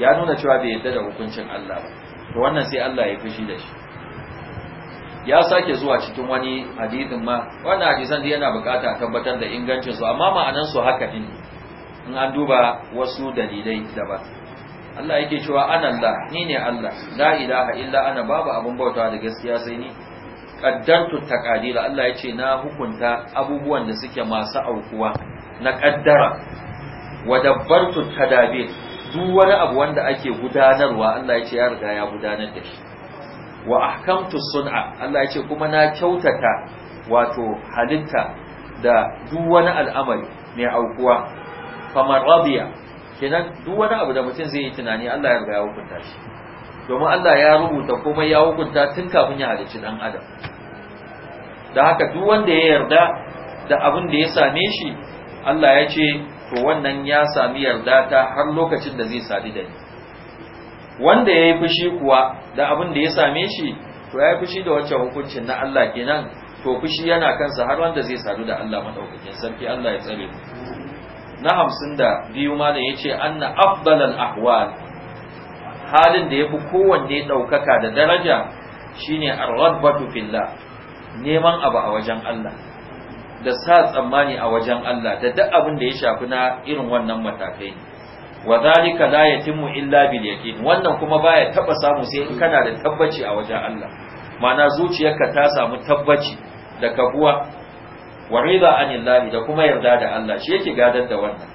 ya nuna cewa bai yarda da hukuncin Allah ba to wannan sai Allah ya fushi da shi ya sake zuwa cikin wani hadithin ma wannan hadisan dai yana bukata a tabbatar da ingancinsu amma ma'anansu haka din in an duba wasu dalilai da ba. Allah yake cewa ana Allah ni ne Allah la ilaha illa ana babu abin bautawa da gaskiya sai ni qaddartu taqadira Allah yace na hukunta abubuwan da suke masu aukuwa na qaddara wa dabbartu tadabir duk wani abu wanda ake gudanarwa Allah yace ya riga ya gudanar da shi wa ahkamtu sun'a Allah yace kuma na kyautata wato halitta da duk wani al'amari mai aukuwa famar kenan duk wani abu da mutum zai yi tunani Allah ya riga ya hukunta shi domin Allah ya rubuta komai ya hukunta tun kafin ya halicci dan adam da haka duk wanda ya yarda da abin da ya same shi Allah ya ce to wannan ya sami yarda ta har lokacin da zai sadu da ni wanda ya yi fushi kuwa da abin da ya same shi to ya yi fushi da wacce hukuncin na Allah kenan to fushi yana kansa har wanda zai sadu da Allah madaukakin sarki Allah ya tsare mu na hamsin da biyu ma ya ce anna afdalal ahwal halin da ya fi kowanne ɗaukaka da daraja shine arradbatu fillah neman abu a wajen Allah da sa tsammani a wajen Allah da duk abin da ya shafi na irin wannan matakai wa zalika la yatimu illa bil yaqin wannan kuma baya taba samu sai in kana da tabbaci a wajen Allah ma'ana zuciyarka ta samu tabbaci da kabuwa wa rida anillahi da kuma yarda da Allah shi yake gadar da wannan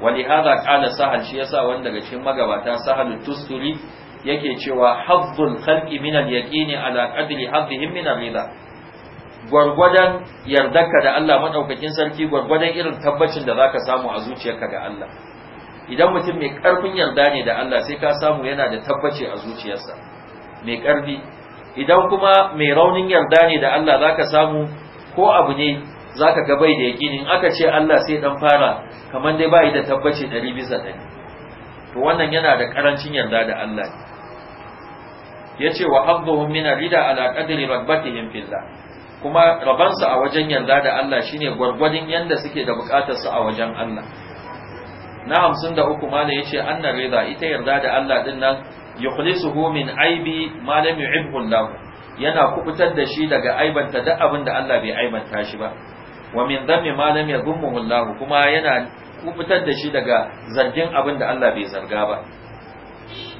wani hada kana sahal shi yasa wanda daga cikin magabata sahal tusturi yake cewa hazzul khalqi min al yaqin ala qadri hazzihim min al rida gwargwadon yardarka da Allah madaukakin sarki gwargwadon irin tabbacin da zaka samu a zuciyarka ga Allah idan mutum mai karfin yarda ne da Allah sai ka samu yana da tabbaci a zuciyarsa mai karfi idan kuma mai raunin yarda ne da Allah zaka samu ko abu ne zaka ga bai da yaƙini in aka ce Allah sai dan fara kamar dai bai da tabbaci dari bisa 100 to wannan yana da karancin yarda da Allah yace wa hafdhuhum min rida ala qadri rabbatihim fillah kuma rabansu a wajen yarda da Allah shine gwargwadin yanda suke da bukatar su a wajen Allah na hamsin da uku ma yace anna rida ita yarda da Allah din nan yukhlisuhu min aibi ma lam yana kubutar da shi daga aibanta duk abin da Allah bai aibanta shi ba wa min dhammi ma lam yadhmuhu Allah kuma yana kubutar da shi daga zargin abin da Allah bai zarga ba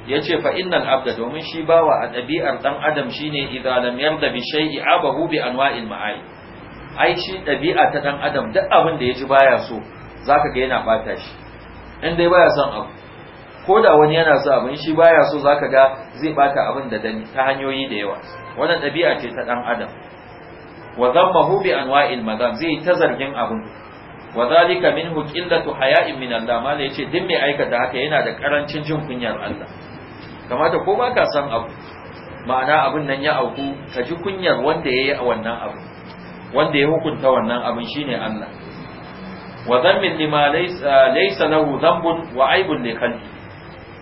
yace fa innal abda domin shi bawa a ɗabi'ar dan adam shine idza lam yarda bi shay'i abahu bi anwa'il ma'ai ai shi ɗabi'a ta dan adam duk abin da yaji baya so zaka ga yana bata shi in dai baya son abu ko wani yana so abin shi baya so zaka ga zai bata abin da ta hanyoyi da yawa wannan ɗabi'a ce ta dan adam wa zammahu bi anwa'il madam zai ta zargin abun wa zalika minhu qillatu haya'in min Allah mala yace duk mai aikata haka yana da karancin jin kunyar Allah kamata ko ba ka san abu ma'ana abin nan ya auku ka ji kunyar wanda yayi wannan abu wanda ya hukunta wannan abin shine Allah wa zammin lima laysa laysa lahu dhanbun wa aibun li khalqi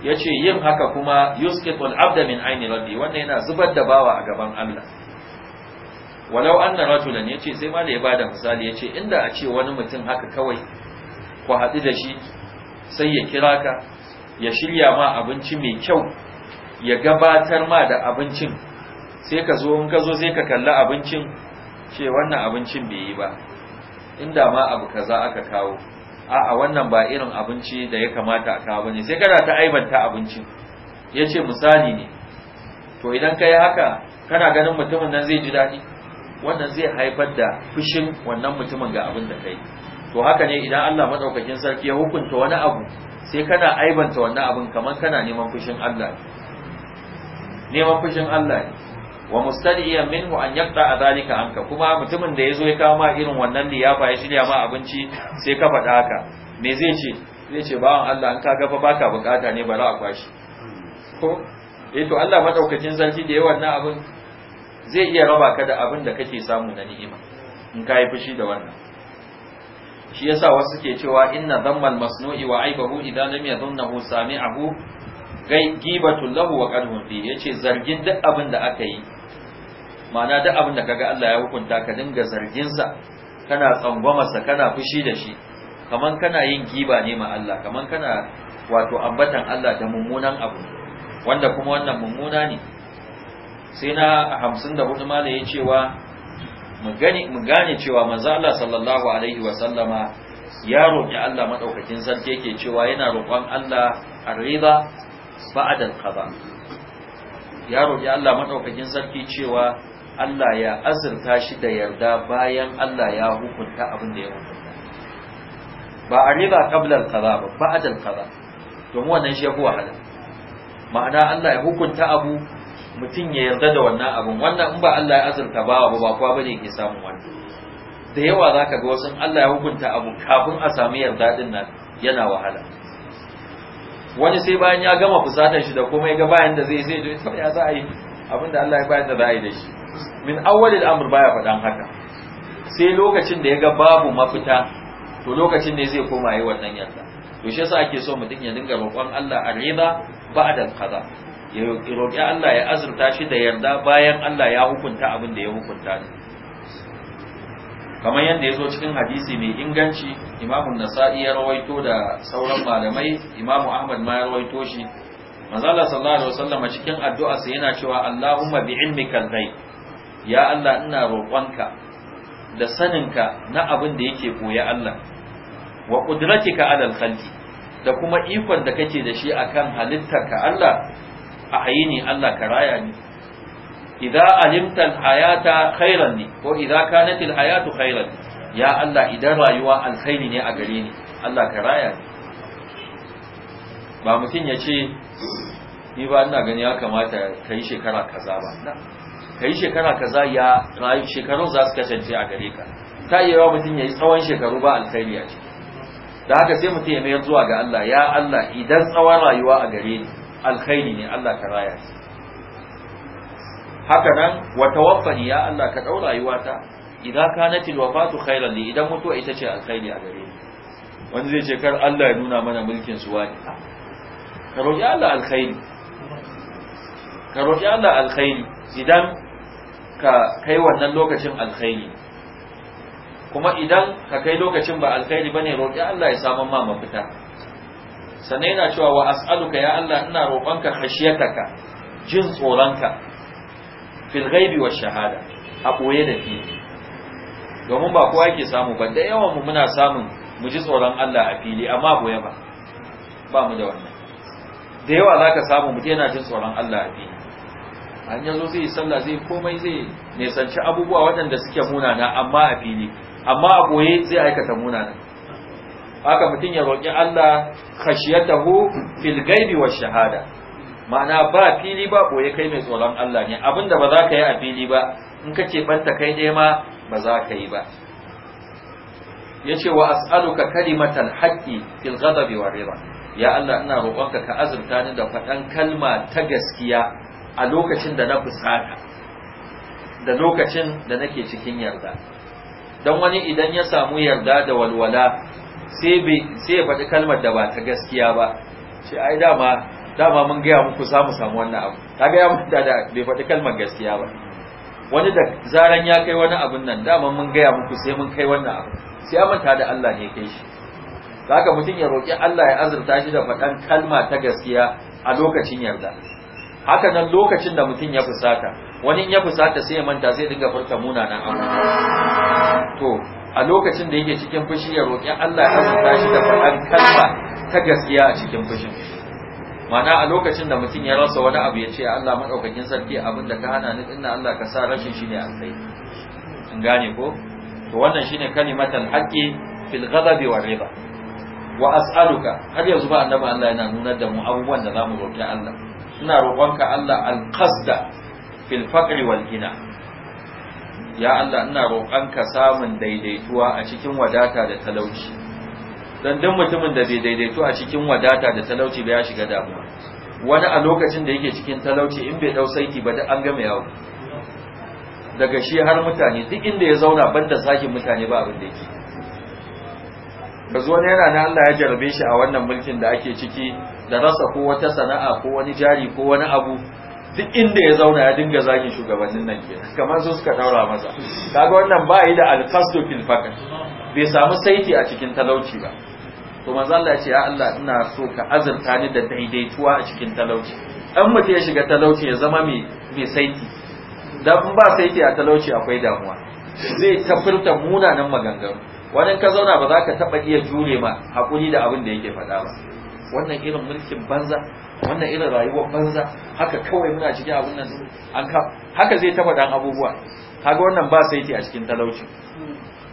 yace yin haka kuma yusqitul abda min aini rabbi wannan yana zubar da bawa a gaban Allah walau anna rajulan yace sai ma da ya bada misali yace inda a ce wani mutum haka kawai ku haɗu da shi sai ya kira ka ya shirya ma abinci mai kyau ya gabatar ma da abincin sai ka zo in ka zo sai ka kalli abincin ce wannan abincin bai yi ba inda ma abu kaza aka kawo a'a wannan ba irin abinci da ya kamata a kawo bane sai kana ta aibanta abincin yace misali ne to idan kai haka kana ganin mutumin nan zai ji daɗi wannan zai haifar da fushin wannan mutumin ga abin da kai to haka ne idan Allah madaukakin sarki ya hukunta wani abu sai kana aibanta wannan abin kamar kana neman fushin Allah neman fushin Allah wa mustadiya minhu an yaqta zalika anka kuma mutumin da yazo ya kawo ma irin wannan liyafa ya shirya ma abinci sai ka faɗa haka me zai ce zai ce bawan Allah an ga fa baka bukata ne za a kwashi ko eh to Allah madaukakin sarki da ya wannan abin zai iya raba ka da abin da kake samu na ni'ima in ka yi fushi da wannan shi yasa wasu ke cewa inna dhammal masnu'i wa aibahu idan lam yadhunnahu sami'ahu gai gibatu lahu wa qadhu fi yace zargin duk abin da aka yi ma'ana duk abin da kaga Allah ya hukunta ka dinga zargin sa kana tsangwama sa kana fushi da shi kaman kana yin giba ne ma Allah kaman kana wato ambatan Allah da mummunan abu wanda kuma wannan mummuna ne sai na hamsin da hudu mala ya cewa mu gane cewa manzo Allah sallallahu alaihi wa sallama ya roƙi Allah maɗaukakin sarki yake cewa yana roƙon Allah arriba ba'd al-qada ya roƙi Allah maɗaukakin sarki cewa Allah ya azurta shi da yarda bayan Allah ya hukunta abin da ya hukunta ba arriba qabla al-qada ba ba'd al-qada domin wannan shi ya huwa halal ma'ana Allah ya hukunta abu mutum ya yarda da wannan abin wannan in ba Allah ya azurta ba wa ba kuwa bane ke samun wannan da yawa zaka ga wasu Allah ya hukunta abu kafin a samu yarda din nan yana wahala wani sai bayan ya gama fusatar shi da komai ga bayan da zai zai to ya za a yi abinda Allah ya bayan da za a yi da shi min awwalil amr baya faɗan haka sai lokacin da ya ga babu mafita to lokacin ne zai koma yi wannan yarda to shi yasa ake so mutum ya dinga roƙon Allah a rida ba'da al-qada ya roƙi Allah ya azurta shi da yarda bayan Allah ya hukunta abin da ya hukunta kamar yadda ya zo cikin hadisi mai inganci imamu nasa'i ya rawaito da sauran malamai imamu ahmad ma ya rawaito shi manzala sallallahu alaihi wasallam cikin addu'a sa yana cewa Allahumma bi ilmika zai ya Allah ina roƙonka da saninka na abin da yake koya Allah wa qudratika alal khalqi da kuma ikon da kake da shi akan halittarka Allah ahayini Allah ka raya ni idza alimta hayata khairan ni ko idza kanat alhayatu khairan ya Allah idan rayuwa alkhairi ne a gare ni Allah ka raya ni ba mutum ya ce ni ba ina gani ya kamata ka yi shekara kaza ba ka yi shekara kaza ya rayu shekaru za su kasance a gare ka ta iya yawa mutum ya yi tsawon shekaru ba alkhairi a ce. da haka sai mutum ya mayar zuwa ga Allah ya Allah idan tsawon rayuwa a gare ni alkhairi ne Allah ka raya su haka nan wa tawaffani ya Allah ka daura rayuwata idan kanat alwafatu khairan li idan mutuwa ita ce alkhairi a gare ni wani zai ce kar Allah ya nuna mana mulkin su wani ka roƙi Allah alkhairi ka roƙi Allah alkhairi idan ka kai wannan lokacin alkhairi kuma idan ka kai lokacin ba alkhairi bane roƙi Allah ya saman ma mafita sannan yana cewa wa as'aluka ya Allah ina roƙonka khashiyataka jin tsoronka fil ghaibi wa shahada a koye da fi domin ba kowa yake samu ba da yawan mu muna samun mu ji tsoron Allah a fili amma boye ba ba mu da wannan da yawa zaka samu mu yana jin tsoron Allah a fili an yazo zai sallah zai komai zai nisanci abubuwa waɗanda suke munana amma a fili amma a koye zai aikata munana haka mutum ya roƙi Allah khashiyatahu fil gaibi wa shahada ma'ana ba fili ba boye kai mai tsoron Allah ne abinda ba za ka yi a fili ba in ka ce banta kai ne ma ba za ka yi ba yace wa as'aluka kalimatal haqqi fil ghadabi war ridha ya Allah ina roƙonka ka azurta ni da faɗan kalma ta gaskiya a lokacin da na fusata da lokacin da nake cikin yarda don wani idan ya samu yarda da walwala sai ya faɗi kalmar da ba ta gaskiya ba shi ai dama dama mun gaya muku samu samu wannan abu ta gaya mun da da bai faɗi kalmar gaskiya ba wani da zaran ya kai wani abun nan dama mun gaya muku sai mun kai wannan abu sai ya manta da Allah ne kai shi haka mutum ya roƙi Allah ya azurta shi da faɗan kalma ta gaskiya a lokacin yarda haka nan lokacin da mutum ya fusata wani in ya fusata sai ya manta sai dinga furta munanan abu to a lokacin da yake cikin fushi ya roƙi Allah ya azurta shi da faɗan kalma ta gaskiya a cikin fushin mana a lokacin da mutum ya rasa wani abu ya ce Allah maɗaukakin sarki abin da ka hana ni dinnan Allah ka sa rashin shi ne alkhairi in gane ko to wannan shine kalimatul haqqi fil ghadabi war riba wa as'aluka har yanzu ba annabi Allah yana nunar da mu abubuwan da zamu roƙi Allah ina roƙonka Allah al-qasda fil faqri wal ghina ya Allah ina roƙonka samun daidaituwa a cikin wadata da talauci dan duk mutumin da bai daidaitu a cikin wadata da talauci ba ya shiga damuwa wani a lokacin da yake cikin talauci in bai dau saiki ba duk an mai yawo daga shi har mutane duk inda ya zauna banda sakin mutane ba abin da yake ka zo ne yana na Allah ya jarabe shi a wannan mulkin da ake ciki da rasa ko wata sana'a ko wani jari ko wani abu duk inda ya zauna ya dinga zagin shugabannin nan kenan kamar su suka daura masa kaga wannan ba yi da alfasto fil fakat bai samu saiti a cikin talauci ba to manzo Allah ya ce ya Allah ina so ka azurta ni da daidaituwa a cikin talauci dan mutum ya shiga talauci ya zama mai mai saiti dan ba saiti a talauci akwai damuwa zai tafirta munanan maganganu wannan ka zauna ba za ka taba iya jure ma hakuri da abin da yake faɗa ba wannan irin mulkin banza wannan irin rayuwar banza haka kawai muna cikin abin nan an ka haka zai taba dan abubuwa kaga wannan ba saiti a cikin talauci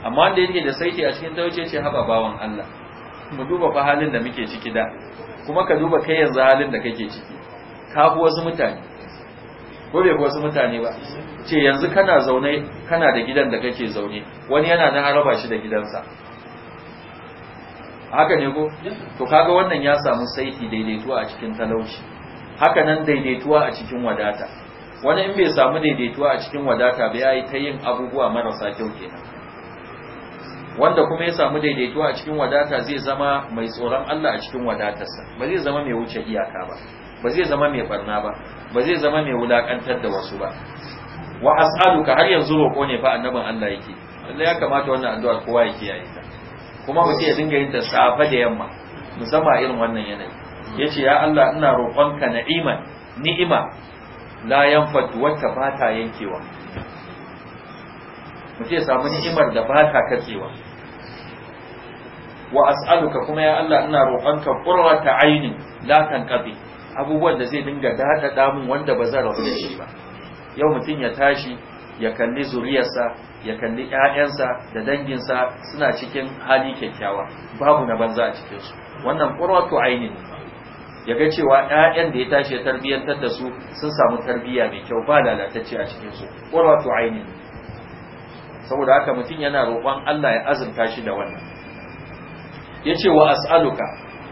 amma wanda yake da saiti a cikin talauci ce haba bawan Allah mu duba fa halin da muke ciki da kuma ka duba kai yanzu halin da kake ciki ka fi wasu mutane ko bai fi wasu mutane ba ce yanzu kana zaune kana da gidan da kake zaune wani yana na haraba shi da gidansa haka ne ko to kaga wannan ya samu saiti daidaituwa a cikin talauci haka nan daidaituwa a cikin wadata wani in bai samu daidaituwa a cikin wadata bai yayi ta yin abubuwa marasa kyau kenan wanda kuma ya samu daidaituwa a cikin wadata zai zama mai tsoron Allah a cikin wadatarsa ba zai zama mai wuce iyaka ba ba zai zama mai barna ba ba zai zama mai wulakantar da wasu ba wa as'aluka har yanzu roko ne fa annabin Allah yake Allah ya kamata wannan addu'ar kowa ya kiyaye ta kuma mutum ya dinga yin ta safa da yamma musamman irin wannan yanayi yace ya Allah ina roƙonka na'iman ni'ima la yanfatu wata ba ta yankewa mutum ya samu ni'imar da ba ta katsewa wa as'aluka kuma ya Allah ina roƙonka ta ainin la tanqati abubuwan da zai dinga dada damun wanda ba zan rabu da shi ba yau mutum ya tashi ya kalli zuriyarsa ya kalli 'ya'yansa da danginsa suna cikin hali kyakkyawa babu na banza a cikinsu, wannan qurratu aini ya ga cewa 'ya'yan da ya tashi ya tarbiyyantar da su sun samu tarbiyya mai kyau ba lalatacce a cikinsu, su qurratu saboda haka mutum yana roƙon Allah ya azurta shi da wannan yace wa as'aluka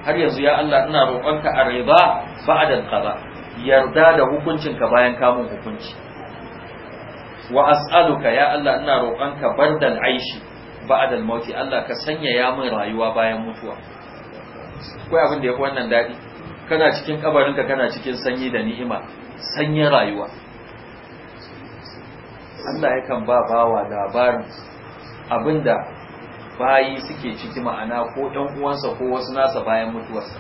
har yanzu ya Allah ina roƙonka a riba ba'da al-qada yarda da hukuncinka bayan kamun hukunci wa as'aluka ya Allah ina roƙonka bardal aishi ba'a mauti Allah ka sanya ya mun rayuwa bayan mutuwa Akwai abin da yake wannan dadi kana cikin kabarinka kana cikin sanyi da ni'ima sanyin rayuwa Allah yakan ba bawa labarin abinda bayi suke ciki ma'ana ko ɗan uwansa ko wasu nasa bayan mutuwarsa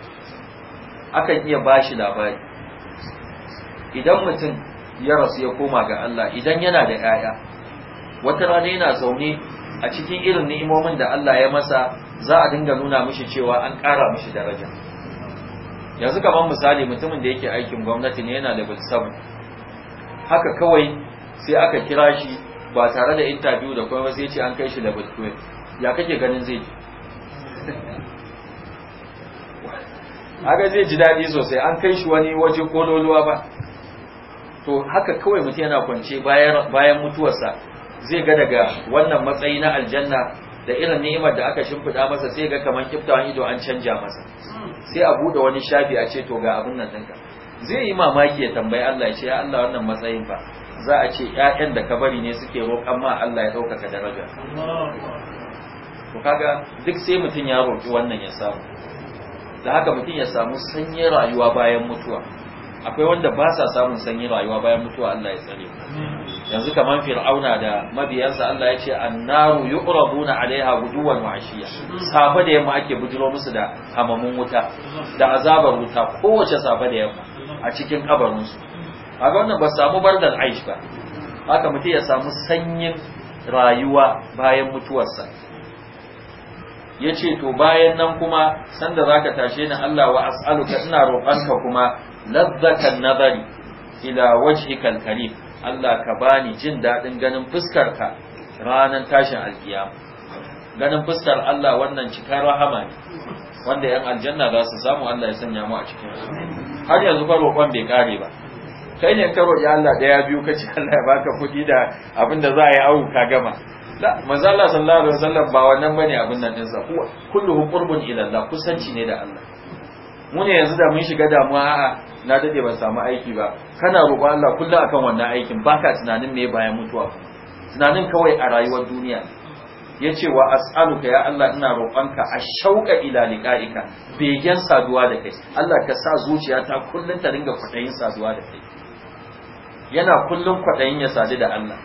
akan iya bashi labari idan mutum ya rasu ya koma ga Allah idan yana da ƴaƴa wata rana yana zaune a cikin irin ni'imomin da Allah ya masa za a dinga nuna mishi cewa an ƙara mishi daraja yanzu kamar misali mutumin da yake aikin gwamnati ne yana level 7 haka kawai sai aka kira shi ba tare da interview da kuma sai ce an kai shi level 12 ya kake ganin zai ji haka zai ji daɗi sosai an kai shi wani waje kololuwa ba to haka kawai mutum yana kwance bayan mutuwarsa zai ga daga wannan matsayi na aljanna da irin ni'imar da aka shimfiɗa masa sai ga kamar kiftawan ido an canja masa sai a buɗe wani shafi a ce to ga abin nan ɗinka zai yi mamaki ya tambayi Allah ya ce ya Allah wannan matsayin fa za a ce ƴaƴan da ka bari ne suke roƙan ma Allah ya ɗaukaka daraja to kaga duk sai mutum ya roƙi wannan ya samu da haka mutum ya samu sanyin rayuwa bayan mutuwa akwai wanda ba sa samun sanyi rayuwa bayan mutuwa Allah ya tsare yanzu kamar fir'auna da mabiyansa Allah ya ce annaru yuqrabuna alaiha guduwan wa ashiya safa da yamma ake bujiro musu da hamamun wuta da azabar wuta kowace safa da yamma a cikin kabarin su kaga wannan ba samu bardan aish ba haka mutum ya samu sanyin rayuwa bayan mutuwarsa yace to bayan nan kuma sanda zaka ka tashe ni Allah wa as'aluka ina roƙanka kuma lazzatan nazari ila wajhikal karim Allah ka bani jin daɗin ganin fuskarka ranar tashin alkiyama ganin fuskar Allah wannan cikar rahama ne wanda yan aljanna za su samu Allah ya sanya mu a cikin su har yanzu ba roƙon bai kare ba kai ne ka roƙi Allah ɗaya biyu ka ci Allah ya baka kuɗi da abin da za a yi awu ka gama la manzo Allah sallallahu alaihi wasallam ba wannan bane abin nan din sa kulluhu qurbun ila Allah kusanci ne da Allah mu ne yanzu da mun shiga damuwa a'a na dade ban samu aiki ba kana roƙo Allah kullum akan wannan aikin baka tunanin me bayan mutuwa tunanin kawai a rayuwar duniya yace wa as'aluka ya Allah ina roƙonka a shauka ila liqa'ika begen saduwa da kai Allah ka sa zuciya ta kullum ta dinga kwadayin saduwa da kai yana kullum kwadayin ya sadu da Allah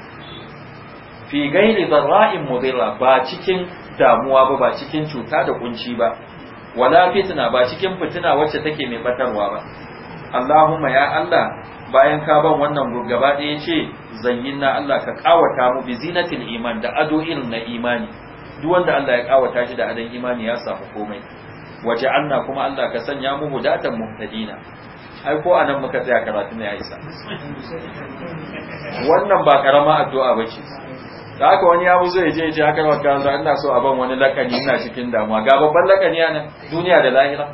fi gairi darra'in mudirra ba cikin damuwa ba ba cikin cuta da kunci ba wala fitna ba cikin fitina wacce take mai batarwa ba Allahumma ya Allah bayan ka ban wannan gurgaba da yace zayyinna Allah ka kawata mu bi zinatil iman da ado irin na imani duk wanda Allah ya kawata shi da adan imani ya samu komai Waje waja'alna kuma Allah ka sanya mu hudatan muhtadina ai ko anan muka tsaya karatu ne ya isa wannan ba karama addu'a ba ce. da haka wani ya buzo ya je ya haka wa kanza ina so a ban wani lakani ina cikin damuwa ga babban lakani a duniya da lahira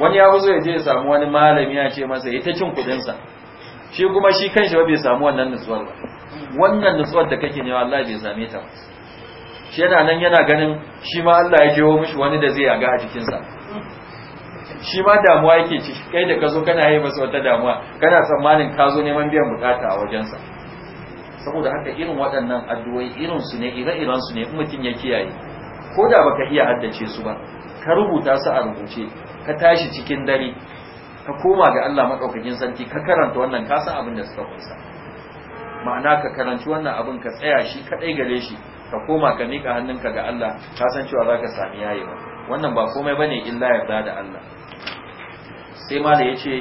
wani ya buzo ya je ya samu wani malami ya ce masa ya ta cin kudin sa shi kuma shi kanshi ba bai samu wannan nutsuwar ba wannan nutsuwar da kake nema Allah bai same ta ba shi yana nan yana ganin shi ma Allah ya jiwo mishi wani da zai yaga a cikin sa shi ma damuwa yake ciki kai da ka zo kana yi masa wata damuwa kana tsammanin ka zo neman biyan bukata a wajensa saboda haka irin waɗannan addu'o'i irin su ne ire-iren su ne mutum ya kiyaye ko da baka iya haddace su ba ka rubuta su a rubuce ka tashi cikin dare ka koma ga Allah madaukakin sarki ka karanta wannan ka san abin da suka kunsa ma'ana ka karanci wannan abin ka tsaya shi kadai gare shi ka koma ka mika hannunka ga Allah ka san cewa zaka sami yayewa wannan ba komai bane illa yarda da Allah sai ma da yace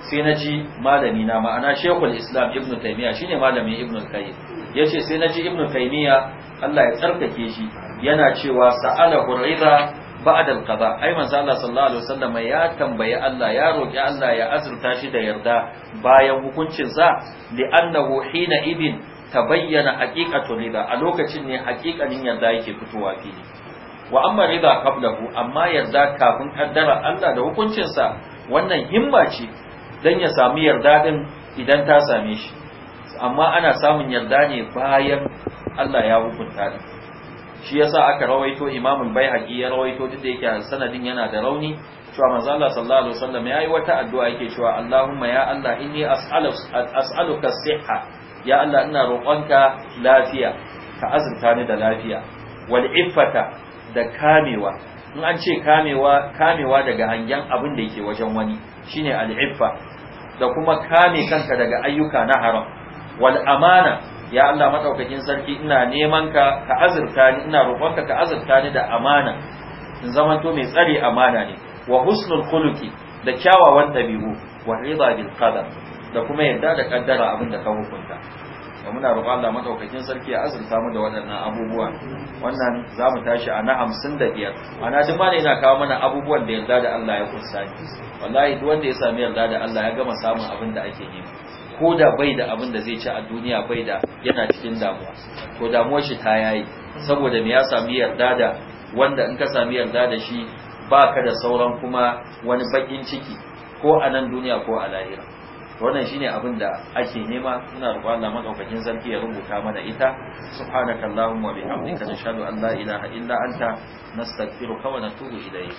sai na ji malami na ma'ana shekul islam ibn taimiyya shine malamin ibn qayyim yace sai na ji ibn taimiyya Allah ya tsarkake shi yana cewa sa'ala hurira ba'da al-qada ai manzo Allah sallallahu alaihi wasallam ya tambayi Allah ya roki Allah ya azurta shi da yarda bayan hukuncin sa na ibin ta bayyana haqiqatu rida a lokacin ne haqiqanin yarda yake fitowa fili wa amma rida qablahu amma yarda kafin kaddara Allah da hukuncinsa wannan himma ce Dan ya samu yarda din idan ta same shi amma ana samun yarda ne bayan Allah ya hukunta din shi yasa aka rawaito Imam Baihaqi ya rawaito duk da yake sanadin yana da rauni cewa manzo Allah sallallahu alaihi wasallam yi wata addu'a yake cewa Allahumma ya Allah inni as'alu as'aluka ya Allah ina roƙonka lafiya ka azurta ni da lafiya wal iffata da kamewa in an ce kamewa kamewa daga hangen abin da yake wajen wani shine al iffa da kuma kame kanka daga ayyuka na haram wal amana ya Allah madaukakin sarki ina neman ka ka azurta ni ina roƙonka ka azurta ni da amana in zamanto mai tsare amana ne wa husnul khuluqi da kyawawan dabi'u wa rida bil qadar da kuma yarda da kaddara abin da ka hukunta da muna roƙon Allah madaukakin sarki ya azurta mu da waɗannan abubuwa wannan za mu tashi a na hamsin da biyar ana duk mana yana kawo mana abubuwan da yarda da Allah ya kunsa ni wallahi duk wanda ya sami yarda da Allah ya gama samun abin da ake nema ko da bai da abin da zai ci a duniya bai da yana cikin damuwa to damuwar shi ta yayi saboda me ya sami yarda da wanda in ka sami yarda da shi baka da sauran kuma wani bakin ciki ko a nan duniya ko a lahira wannan shine abin da ake nema muna roƙon Allah madaukakin sarki ya rubuta mana ita subhanaka allahumma bihamdika nashhadu an la ilaha illa anta nastaghfiruka wa natubu ilayk